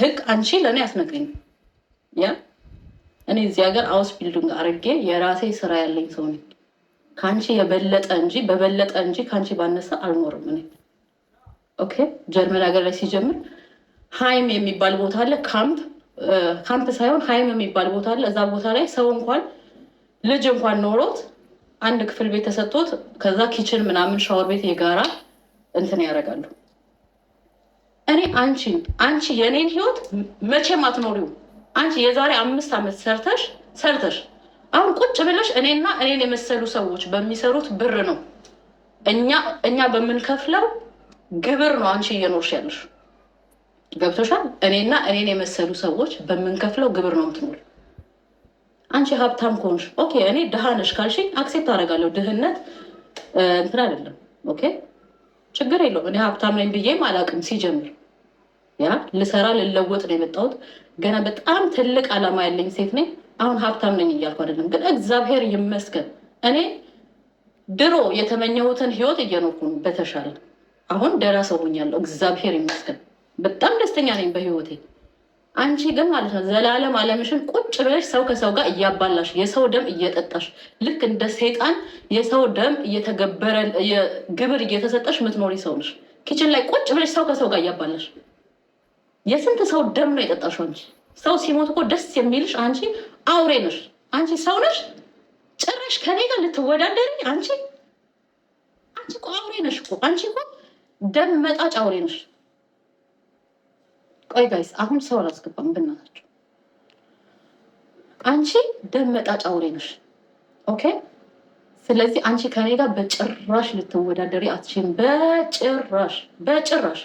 ህግ አንቺ ለእኔ አትነግሪኝም። ያ እኔ እዚህ ሀገር አውስ ቢልዲንግ አርጌ የራሴ ስራ ያለኝ ሰው ነኝ። ከአንቺ የበለጠ እንጂ በበለጠ እንጂ ከአንቺ ባነሰ አልኖርም። እኔ ኦኬ። ጀርመን ሀገር ላይ ሲጀምር ሀይም የሚባል ቦታ አለ። ካምፕ ካምፕ ሳይሆን ሀይም የሚባል ቦታ አለ። እዛ ቦታ ላይ ሰው እንኳን ልጅ እንኳን ኖሮት አንድ ክፍል ቤት ተሰጥቶት ከዛ ኪችን ምናምን ሻወር ቤት የጋራ እንትን ያደርጋሉ። እኔ አንቺ አንቺ የእኔን ህይወት መቼም አትኖሪው። አንቺ የዛሬ አምስት ዓመት ሰርተሽ ሰርተሽ አሁን ቁጭ ብለሽ እኔና እኔን የመሰሉ ሰዎች በሚሰሩት ብር ነው እኛ እኛ በምንከፍለው ግብር ነው አንቺ እየኖርሽ ያለሽ ገብቶሻል። እኔና እኔን የመሰሉ ሰዎች በምንከፍለው ግብር ነው ምትኖር። አንቺ ሀብታም ከሆንሽ ኦኬ፣ እኔ ድሃ ነሽ ካልሽኝ አክሴፕት አደርጋለሁ። ድህነት እንትን አይደለም። ኦኬ፣ ችግር የለውም። እኔ ሀብታም ነኝ ብዬም አላውቅም ሲጀምር ያ ልሰራ ልለወጥ ነው የመጣሁት። ገና በጣም ትልቅ ዓላማ ያለኝ ሴት ነኝ። አሁን ሀብታም ነኝ እያልኩ አይደለም፣ ግን እግዚአብሔር ይመስገን እኔ ድሮ የተመኘሁትን ህይወት እየኖርኩ ነው። በተሻለ አሁን ደራ ሰው ሆኛለሁ። እግዚአብሔር ይመስገን በጣም ደስተኛ ነኝ በህይወቴ። አንቺ ግን ማለት ነው ዘላለም አለምሽን ቁጭ ብለሽ ሰው ከሰው ጋር እያባላሽ የሰው ደም እየጠጣሽ ልክ እንደ ሰይጣን የሰው ደም እየተገበረ ግብር እየተሰጠሽ ምትኖሪ ሰው ነሽ። ኪችን ላይ ቁጭ ብለሽ ሰው ከሰው ጋር እያባላሽ የስንት ሰው ደም ነው የጠጣሽው እንጂ ሰው ሲሞት እኮ ደስ የሚልሽ አንቺ አውሬ ነሽ፣ አንቺ ሰው ነሽ። ጭራሽ ከኔ ጋር ልትወዳደሪ አንቺ አንቺ እኮ አውሬ ነሽ እኮ አንቺ እኮ ደም መጣጭ አውሬ ነሽ። ቆይ ጋይስ፣ አሁን ሰው አላስገባም ብናታቸው። አንቺ ደም መጣጭ አውሬ ነሽ። ኦኬ። ስለዚህ አንቺ ከኔ ጋር በጭራሽ ልትወዳደሪ አትችም። በጭራሽ በጭራሽ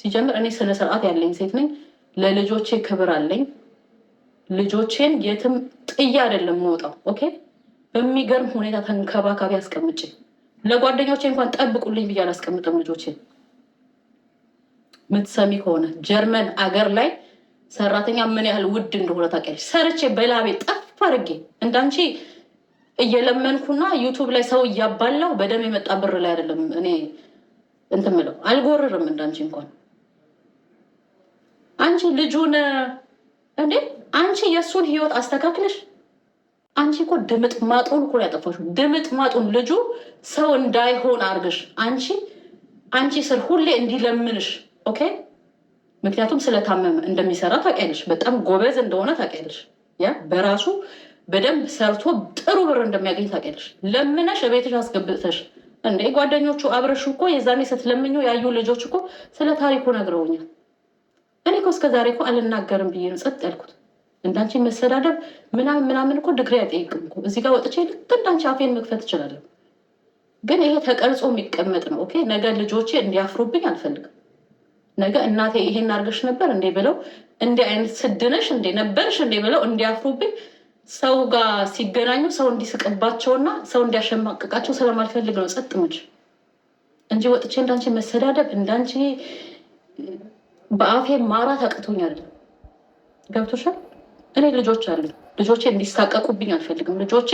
ሲጀምር እኔ ስነ ስርዓት ያለኝ ሴት ነኝ። ለልጆቼ ክብር አለኝ። ልጆቼን የትም ጥዬ አይደለም መውጣው። ኦኬ፣ በሚገርም ሁኔታ ተንከባካቢ አስቀምጬ ለጓደኞቼ እንኳን ጠብቁልኝ ብዬ አላስቀምጥም። ልጆቼን ምትሰሚ ከሆነ ጀርመን አገር ላይ ሰራተኛ ምን ያህል ውድ እንደሆነ ታውቂያለሽ። ሰርቼ በላቤ ጠፍ አድርጌ እንዳንቺ እየለመንኩና ዩቱብ ላይ ሰው እያባላው በደም የመጣ ብር ላይ አይደለም እኔ እንትምለው አልጎርርም እንዳንቺ እንኳን አንቺ ልጁን እንዴ አንቺ የእሱን ህይወት አስተካክለሽ አንቺ እኮ ድምጥ ማጡን እኮ ያጠፋሽ፣ ድምጥ ማጡን ልጁ ሰው እንዳይሆን አርገሽ አንቺ አንቺ ስር ሁሌ እንዲለምንሽ። ኦኬ፣ ምክንያቱም ስለታመመ እንደሚሰራ ታውቂያለሽ። በጣም ጎበዝ እንደሆነ ታውቂያለሽ። ያ በራሱ በደንብ ሰርቶ ጥሩ ብር እንደሚያገኝ ታውቂያለሽ። ለምነሽ እቤትሽ አስገብተሽ እንዴ ጓደኞቹ አብረሽ እኮ የዛኔ ስትለምኙ ያዩ ልጆች እኮ ስለ ታሪኩ ነግረውኛል። እኔ እኮ ዛሬ እኮ አልናገርም ብዬ ነው ጸጥ ያልኩት። እንዳንቺ መሰዳደብ ምናምን ምናምን እኮ ድግሪ አይጠይቅም እኮ እዚህ ጋር ወጥቼ ልክ እንዳንቺ አፌን መክፈት እችላለሁ። ግን ይሄ ተቀርጾ የሚቀመጥ ነው። ኦኬ ነገ ልጆቼ እንዲያፍሩብኝ አልፈልግም። ነገ እናቴ ይሄን አድርገሽ ነበር እንዴ ብለው እንዲህ አይነት ስድነሽ እንዴ ነበርሽ እንዴ ብለው እንዲያፍሩብኝ ሰው ጋር ሲገናኙ ሰው እንዲስቅባቸውና ሰው እንዲያሸማቅቃቸው ስለማልፈልግ ነው ጸጥ ምጭ እንጂ ወጥቼ እንዳንቺ መሰዳደብ እንዳንቺ በአፌ ማራት አቅቶኛል። ገብቶሻል? እኔ ልጆች አሉ። ልጆቼ እንዲሳቀቁብኝ አልፈልግም። ልጆቼ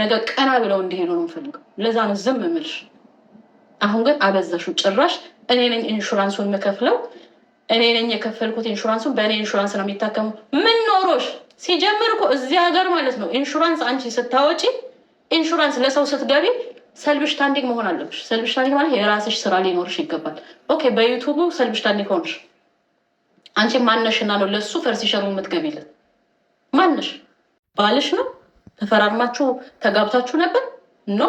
ነገ ቀና ብለው እንዲሄዱ ነው የምፈልገው። ለዛ ነው ዝም እምልሽ። አሁን ግን አበዛሹ። ጭራሽ እኔ ነኝ ኢንሹራንሱን የምከፍለው፣ እኔ ነኝ የከፈልኩት ኢንሹራንሱን። በእኔ ኢንሹራንስ ነው የሚታከሙ። ምን ኖሮሽ ሲጀምር እኮ እዚህ ሀገር ማለት ነው ኢንሹራንስ አንቺ ስታወጪ ኢንሹራንስ ለሰው ስትገቢ ሰልብሽ ታንዲንግ መሆን አለብሽ። ሰልብሽ ታንዲንግ ማለት የራስሽ ስራ ሊኖርሽ ይገባል። ኦኬ፣ በዩቱቡ ሰልብሽ ታንዲንግ ሆንሽ አንቺ ማነሽና ነው ለሱ ፈርሲሸሩ የምትገቢለት? ማነሽ? ባልሽ ነው። ተፈራርማችሁ ተጋብታችሁ ነበር? ኖ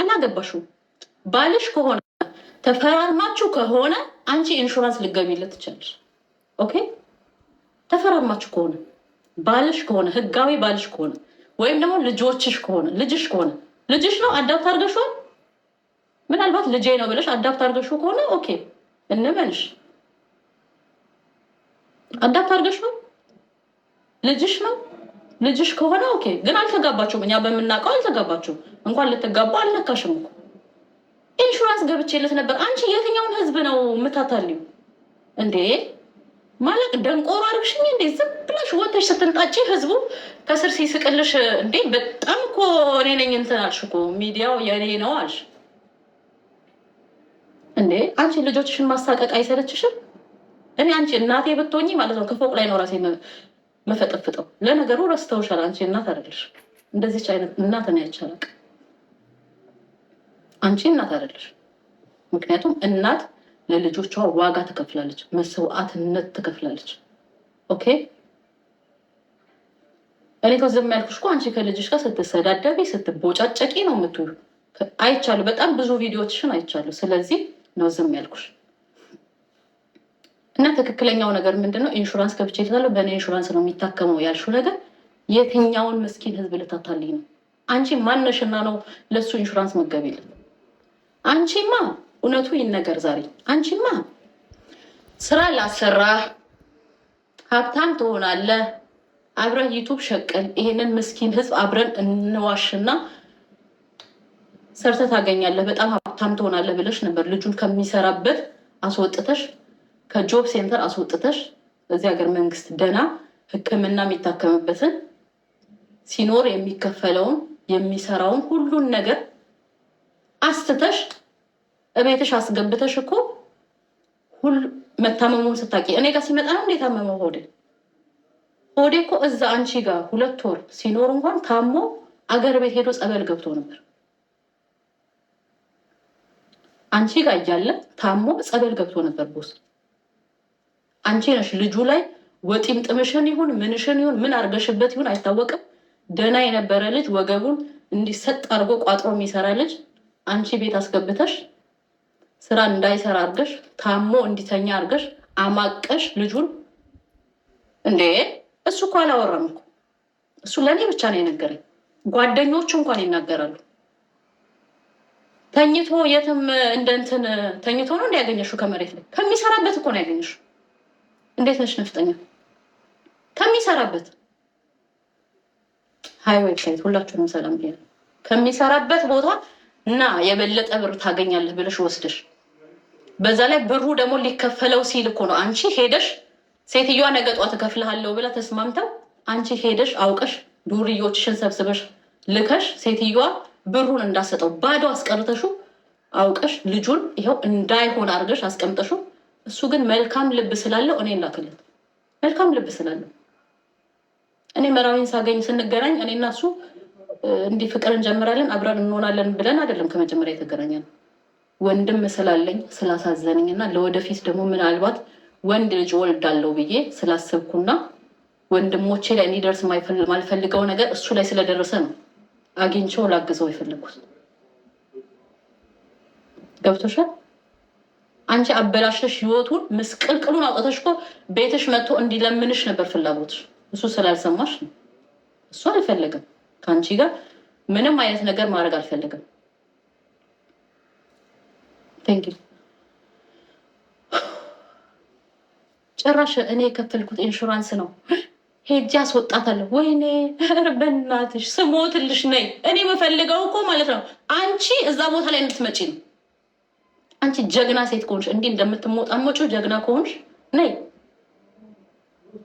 አላገባሽም። ባልሽ ከሆነ ተፈራርማችሁ ከሆነ አንቺ ኢንሹራንስ ልገቢለት ትችላለሽ። ኦኬ ተፈራርማችሁ ከሆነ ባልሽ ከሆነ ህጋዊ ባልሽ ከሆነ ወይም ደግሞ ልጆችሽ ከሆነ ልጅሽ ከሆነ ልጅሽ ነው አዳብት አድርገሽዋል። ምናልባት ልጄ ነው ብለሽ አዳብት አድርገሽው ከሆነ ኦኬ እንመንሽ። አዳፕት አድርገሽ ነው ልጅሽ ነው ልጅሽ ከሆነ ኦኬ። ግን አልተጋባችሁም፣ እኛ በምናውቀው አልተጋባችሁም። እንኳን ልትጋባ አልነካሽም እኮ ኢንሹራንስ ገብቼለት ነበር። አንቺ የትኛውን ህዝብ ነው ምታታልዩ እንዴ? ማለት ደንቆሮ አድርግሽኝ እንዴ? ዝም ብለሽ ወተሽ ህዝቡ ከስር ሲስቅልሽ እንዴ? በጣም እኮ እኔ ነኝ እንትን አልሽ እኮ ሚዲያው የኔ ነው አልሽ እንዴ? አንቺ ልጆችሽን ማሳቀቅ አይሰለችሽም? እኔ አንቺ እናቴ ብትሆኚ ማለት ነው ከፎቅ ላይ ነው ራሴ መፈጠፍጠው። ለነገሩ ረስተውሻል። አንቺ እናት አይደለሽ። እንደዚች አይነት እናት ነው አይቼ አንቺ እናት አደለሽ። ምክንያቱም እናት ለልጆቿ ዋጋ ትከፍላለች፣ መስዋዕትነት ትከፍላለች። ኦኬ እኔ ከዚም ያልኩሽ እኮ አንቺ ከልጅሽ ጋር ስትሰዳደቢ ስትቦጫጨቂ ነው የምትውሉ። አይቻሉ በጣም ብዙ ቪዲዮዎችሽን አይቻሉ። ስለዚህ ነው ዝም ያልኩሽ። እና ትክክለኛው ነገር ምንድነው? ኢንሹራንስ ከብቻ የተዛለው በእኔ ኢንሹራንስ ነው የሚታከመው ያልሽው ነገር የትኛውን ምስኪን ህዝብ ልታታልኝ ነው? አንቺ ማነሽና ነው ለሱ ኢንሹራንስ መገቢል? አንቺማ እውነቱ ይነገር ዛሬ አንቺማ ስራ ላሰራ ሀብታም ትሆናለ አብረህ ዩቱብ ሸቀን ይሄንን ምስኪን ህዝብ አብረን እንዋሽና ሰርተ ታገኛለህ፣ በጣም ሀብታም ትሆናለህ ብለሽ ነበር ልጁን ከሚሰራበት አስወጥተሽ ከጆብ ሴንተር አስወጥተሽ በዚህ ሀገር መንግስት ደና ህክምና የሚታከምበትን ሲኖር የሚከፈለውን የሚሰራውን ሁሉን ነገር አስትተሽ እቤትሽ አስገብተሽ እኮ ሁሉ መታመሙን ስታቂ እኔ ጋር ሲመጣ ነው እንዴ የታመመው ሆዴ ሆዴ እኮ እዛ አንቺ ጋር ሁለት ወር ሲኖር እንኳን ታሞ አገር ቤት ሄዶ ጸበል ገብቶ ነበር። አንቺ ጋር እያለ ታሞ ጸበል ገብቶ ነበር ቦስ አንቺ ነሽ ልጁ ላይ ወጢም ጥምሽን ይሁን ምንሽን ይሁን ምን አርገሽበት ይሁን አይታወቅም። ደህና የነበረ ልጅ ወገቡን እንዲሰጥ አድርጎ ቋጥሮ የሚሰራ ልጅ አንቺ ቤት አስገብተሽ ስራ እንዳይሰራ አርገሽ ታሞ እንዲተኛ አርገሽ አማቀሽ ልጁን። እንዴ እሱ እኮ አላወራም እኮ እሱ ለእኔ ብቻ ነው የነገረኝ። ጓደኞቹ እንኳን ይናገራሉ። ተኝቶ የትም እንደንትን ተኝቶ ነው እንዲያገኘሹ ከመሬት ላይ ከሚሰራበት እኮ ነው ያገኘሹ እንዴት ነሽ ነፍጠኛ? ከሚሰራበት ሃይዌይ ሳይት ሁላችሁንም ሰላም ብያ ከሚሰራበት ቦታ እና የበለጠ ብር ታገኛለህ ብለሽ ወስደሽ በዛ ላይ ብሩ ደግሞ ሊከፈለው ሲል እኮ ነው። አንቺ ሄደሽ ሴትዮዋ ነገ ጧት እከፍልሃለሁ ብላ ተስማምተው አንቺ ሄደሽ አውቀሽ ዱርዮችሽን ሰብስበሽ ልከሽ ሴትዮዋ ብሩን እንዳሰጠው ባዶ አስቀርተሹ አውቀሽ ልጁን ይኸው እንዳይሆን አድርገሽ አስቀምጠሹ እሱ ግን መልካም ልብ ስላለው እኔ እናክልት መልካም ልብ ስላለው እኔ መራዊን ሳገኝ ስንገናኝ እኔ እና እሱ እንዲህ ፍቅር እንጀምራለን አብረን እንሆናለን ብለን አይደለም ከመጀመሪያ የተገናኘ ነው። ወንድም ስላለኝ ስላሳዘነኝ እና ለወደፊት ደግሞ ምናልባት ወንድ ልጅ ወልዳለው ብዬ ስላሰብኩና ወንድሞቼ ላይ እንዲደርስ ማልፈልገው ነገር እሱ ላይ ስለደረሰ ነው አግኝቼው ላግዘው የፈለግኩት። ገብቶሻል? አንቺ አበላሽተሽ ህይወቱን ምስቅልቅሉን አውጥተሽ እኮ ቤትሽ መጥቶ እንዲለምንሽ ነበር ፍላጎት እሱ ስላልሰማሽ ነው። እሱ አልፈለግም። ከአንቺ ጋር ምንም አይነት ነገር ማድረግ አልፈለግም። ጭራሽ እኔ የከፈልኩት ኢንሹራንስ ነው ሄጄ አስወጣታለሁ። ወይኔ በእናትሽ ስሞትልሽ ነይ። እኔ የምፈልገው እኮ ማለት ነው አንቺ እዛ ቦታ ላይ እንድትመጪ ነው አንቺ ጀግና ሴት ከሆንሽ እንዲህ እንደምትሞጣሞጪው ጀግና ከሆንሽ ነይ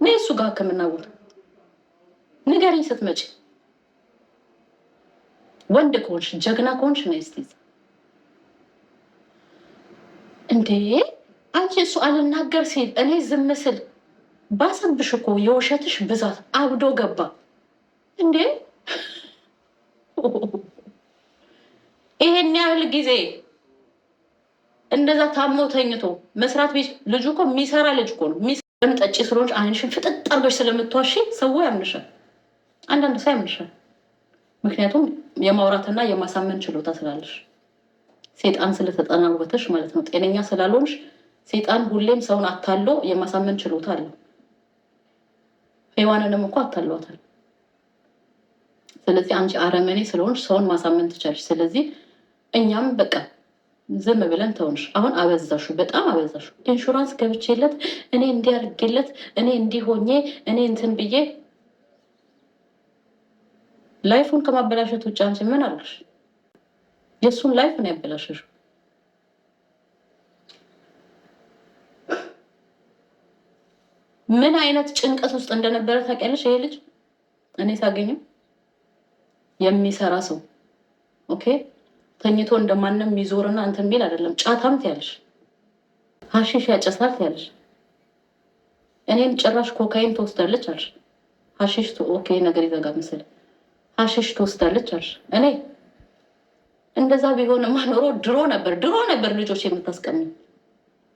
ነይ እሱ ጋር ሕክምና ቦታ ንገሪኝ ስትመጪ። ወንድ ከሆንሽ ጀግና ከሆንሽ ነይ እስኪ። እንዴ አንቺ እሱ አልናገር ሲል እኔ ዝም ስል ባሰብሽ እኮ የውሸትሽ ብዛት አብዶ ገባ እንዴ ይሄን ያህል ጊዜ እንደዛ ታሞ ተኝቶ መስራት ልጁ እኮ የሚሰራ ልጅ እኮ ነው። ሚሰራም ጠጪ ስለሆንሽ አይንሽን ፍጥጥ አድርገሽ ስለምትዋሽ ሰው ያምንሻል። አንዳንድ ሰው ያምንሻል። ምክንያቱም የማውራትና የማሳመን ችሎታ ስላለሽ ሴጣን ስለተጠናወተሽ ማለት ነው። ጤነኛ ስላልሆንሽ ሴጣን ሁሌም ሰውን አታሎ የማሳመን ችሎታ አለው። ሔዋንንም እኮ አታሏታል። ስለዚህ አንቺ አረመኔ ስለሆንሽ ሰውን ማሳመን ትቻለሽ። ስለዚህ እኛም በቃ ዝም ብለን ተውንሽ። አሁን አበዛሹ፣ በጣም አበዛሹ። ኢንሹራንስ ገብቼለት እኔ እንዲያርጌለት እኔ እንዲሆኜ እኔ እንትን ብዬ ላይፉን ከማበላሸት ውጭ አንቺ ምን አለሽ? የእሱን ላይፍ ነው ያበላሸሽው። ምን አይነት ጭንቀት ውስጥ እንደነበረ ታውቂያለሽ? ይሄ ልጅ እኔ ሳገኘው የሚሰራ ሰው ኦኬ ተኝቶ እንደማንም ይዞርና እንትን ሚል አይደለም። ጫታም ትያለሽ፣ ሀሺሽ ያጨሳል ትያለሽ። እኔን ጭራሽ ኮካይን ትወስዳለች አልሽ። ሀሺሽ ኦኬ ነገር ይዘጋ ምስል ሀሺሽ ትወስዳለች አልሽ። እኔ እንደዛ ቢሆን ማኖሮ ድሮ ነበር ድሮ ነበር ልጆች የምታስቀሚ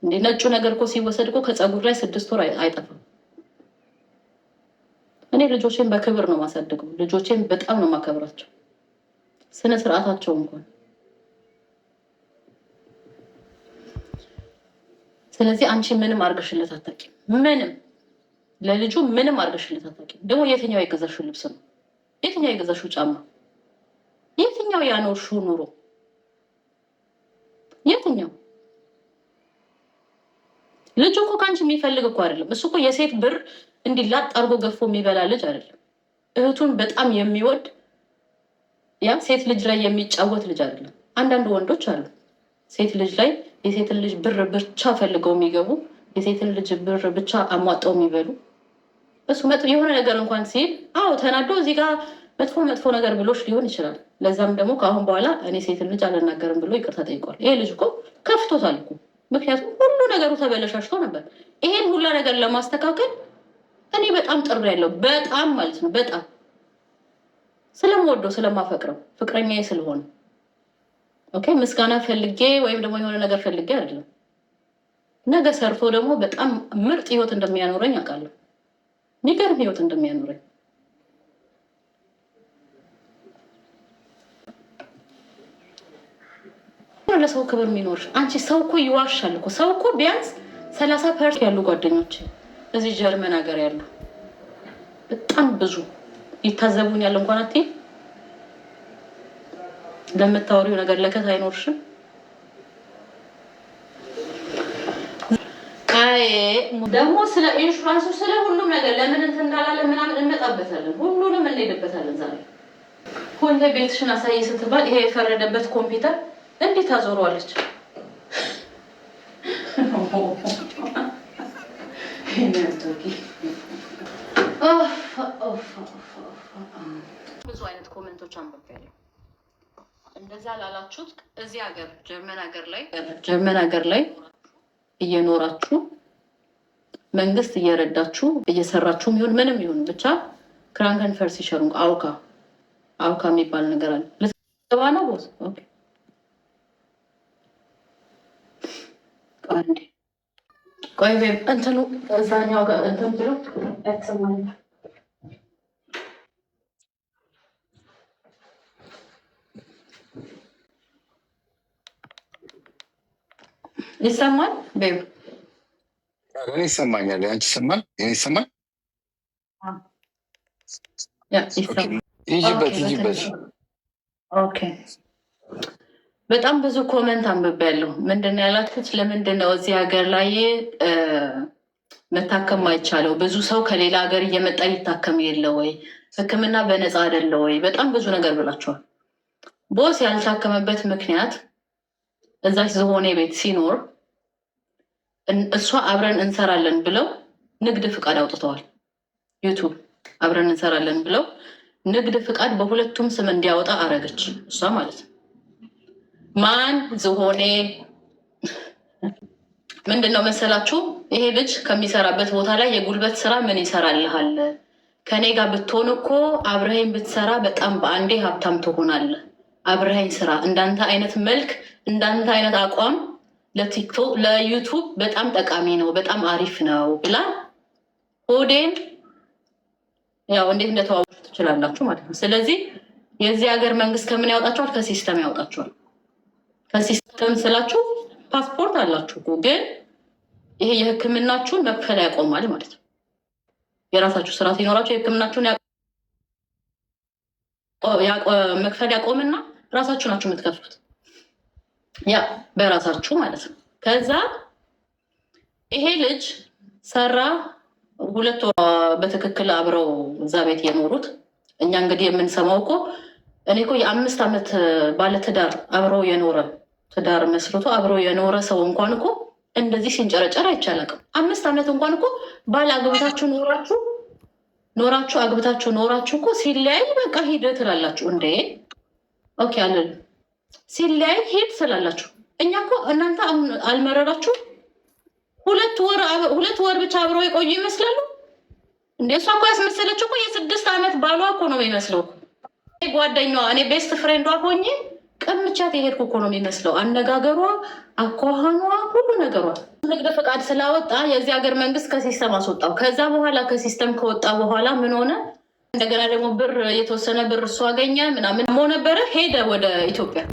እንደ ነጩ ነገር እኮ ሲወሰድ እኮ ከፀጉር ላይ ስድስት ወር አይጠፋም። እኔ ልጆቼን በክብር ነው ማሳደገው። ልጆቼን በጣም ነው ማከብራቸው ስነ ስርዓታቸው እንኳን ስለዚህ አንቺ ምንም አድርገሽለት አታውቂም። ምንም ለልጁ ምንም አድርገሽለት አታውቂም። ደግሞ የትኛው የገዛሽው ልብስ ነው? የትኛው የገዛሽው ጫማ? የትኛው ያኖርሽው ኑሮ? የትኛው ልጁ እኮ ከአንቺ የሚፈልግ እኮ አይደለም። እሱ እኮ የሴት ብር እንዲላጥ አርጎ አድርጎ ገፎ የሚበላ ልጅ አይደለም። እህቱን በጣም የሚወድ ያም ሴት ልጅ ላይ የሚጫወት ልጅ አይደለም። አንዳንድ ወንዶች አሉ ሴት ልጅ ላይ የሴትን ልጅ ብር ብቻ ፈልገው የሚገቡ የሴትን ልጅ ብር ብቻ አሟጠው የሚበሉ እሱ የሆነ ነገር እንኳን ሲል አዎ ተናዶ እዚህ ጋር መጥፎ መጥፎ ነገር ብሎች ሊሆን ይችላል። ለዛም ደግሞ ከአሁን በኋላ እኔ ሴትን ልጅ አልናገርም ብሎ ይቅርታ ጠይቋል። ይሄ ልጅ እኮ ከፍቶታል እኮ ምክንያቱም ሁሉ ነገሩ ተበለሻሽቶ ነበር። ይሄን ሁላ ነገር ለማስተካከል እኔ በጣም ጥሩ ያለው በጣም ማለት ነው በጣም ስለምወደው ስለማፈቅረው ፍቅረኛዬ ስለሆነ ኦኬ ምስጋና ፈልጌ ወይም ደግሞ የሆነ ነገር ፈልጌ አይደለም። ነገ ሰርቶ ደግሞ በጣም ምርጥ ህይወት እንደሚያኖረኝ አውቃለሁ። የሚገርም ህይወት እንደሚያኖረኝ ለሰው ክብር ሚኖር አንቺ ሰው እኮ ይዋሻል እኮ ሰው እኮ ቢያንስ ሰላሳ ፐርሰንት ያሉ ጓደኞች እዚህ ጀርመን ሀገር ያሉ በጣም ብዙ ይታዘቡኛል እንኳን አትይም ለምታወሪው ነገር ለከት አይኖርሽም። ደግሞ ስለ ኢንሹራንሱ ስለ ሁሉም ነገር ለምን እንትን እንዳላለ ምናምን እንመጣበታለን። ሁሉንም እንሄድበታለን። ዛሬ ሁሌ ቤትሽን አሳይ ስትባል ይሄ የፈረደበት ኮምፒውተር እንዴት አዞረዋለች። ብዙ አይነት ኮመንቶች አንብቤያለሁ። እንደዛ ላላችሁት እዚህ ሀገር ጀርመን ሀገር ላይ ጀርመን ሀገር ላይ እየኖራችሁ መንግስት እየረዳችሁ እየሰራችሁም ይሁን ምንም ይሁን ብቻ ክራንከን ፈርስ ይሸሩ አውካ አውካ የሚባል ነገር አለ። ልትገባ ነው ቦስ ቆይ እንትኑ እዛኛው ጋር እንትኑ ይሰማል? እኔ ይሰማኛል። አንቺ ይሰማል? እኔ ይሰማል። ይጅበት ይጅበት። ኦኬ በጣም ብዙ ኮመንት አንብቤያለሁ። ምንድን ነው ያላችሁት? ለምንድን ነው እዚህ ሀገር ላይ መታከም አይቻለው? ብዙ ሰው ከሌላ ሀገር እየመጣ ሊታከም የለ ወይ? ሕክምና በነፃ አይደለ ወይ? በጣም ብዙ ነገር ብላችኋል። ቦስ ያልታከመበት ምክንያት እዛች ዝሆኔ ቤት ሲኖር እሷ አብረን እንሰራለን ብለው ንግድ ፍቃድ አውጥተዋል። ዩቱብ አብረን እንሰራለን ብለው ንግድ ፍቃድ በሁለቱም ስም እንዲያወጣ አረገች። እሷ ማለት ነው። ማን ዝሆኔ ምንድን ነው መሰላችሁ? ይሄ ልጅ ከሚሰራበት ቦታ ላይ የጉልበት ስራ ምን ይሰራልሃል? ከኔ ጋር ብትሆን እኮ አብረሄን ብትሰራ በጣም በአንዴ ሀብታም ትሆናለህ አብርሃኝ ስራ። እንዳንተ አይነት መልክ፣ እንዳንተ አይነት አቋም ለቲክቶክ ለዩቱብ በጣም ጠቃሚ ነው፣ በጣም አሪፍ ነው ብላ ሆዴን ያው እንዴት እንደተዋወቁ ትችላላችሁ ማለት ነው። ስለዚህ የዚህ ሀገር መንግስት ከምን ያወጣቸዋል? ከሲስተም ያወጣቸዋል። ከሲስተም ስላችሁ ፓስፖርት አላችሁ ግን ይሄ የህክምናችሁን መክፈል ያቆማል ማለት ነው። የራሳችሁ ስራ ሲኖራችሁ የህክምናችሁን መክፈል ያቆምና ራሳችሁ ናችሁ የምትከፍሉት፣ ያ በራሳችሁ ማለት ነው። ከዛ ይሄ ልጅ ሰራ ሁለት ወር በትክክል አብረው እዛ ቤት የኖሩት። እኛ እንግዲህ የምንሰማው እኮ እኔ እኮ የአምስት ዓመት ባለትዳር አብሮ የኖረ ትዳር መስርቶ አብሮ የኖረ ሰው እንኳን እኮ እንደዚህ ሲንጨረጨር አይቻላቅም። አምስት ዓመት እንኳን እኮ ባል አግብታችሁ ኖራችሁ ኖራችሁ አግብታችሁ ኖራችሁ እኮ ሲለያይ በቃ ሂደ ትላላችሁ እንዴ ኦኬ አለን ሲለያይ ሄድ ስላላችሁ እኛ እኮ እናንተ አሁን አልመረራችሁ? ሁለት ወር ብቻ አብረው የቆዩ ይመስላሉ። እንደ እሷ እኮ ያስመሰለችው እኮ የስድስት ዓመት ባሏ እኮ ነው የሚመስለው። ጓደኛዋ እኔ ቤስት ፍሬንዷ ሆኜ ቀምቻት የሄድኩ እኮ ነው የሚመስለው። አነጋገሯ፣ አኳኋኗ፣ ሁሉ ነገሯ። ንግድ ፈቃድ ስላወጣ የዚህ ሀገር መንግስት ከሲስተም አስወጣው። ከዛ በኋላ ከሲስተም ከወጣ በኋላ ምን ሆነ? እንደገና ደግሞ ብር የተወሰነ ብር እሱ አገኘ ምናምን ሞ ነበረ ሄደ ወደ ኢትዮጵያ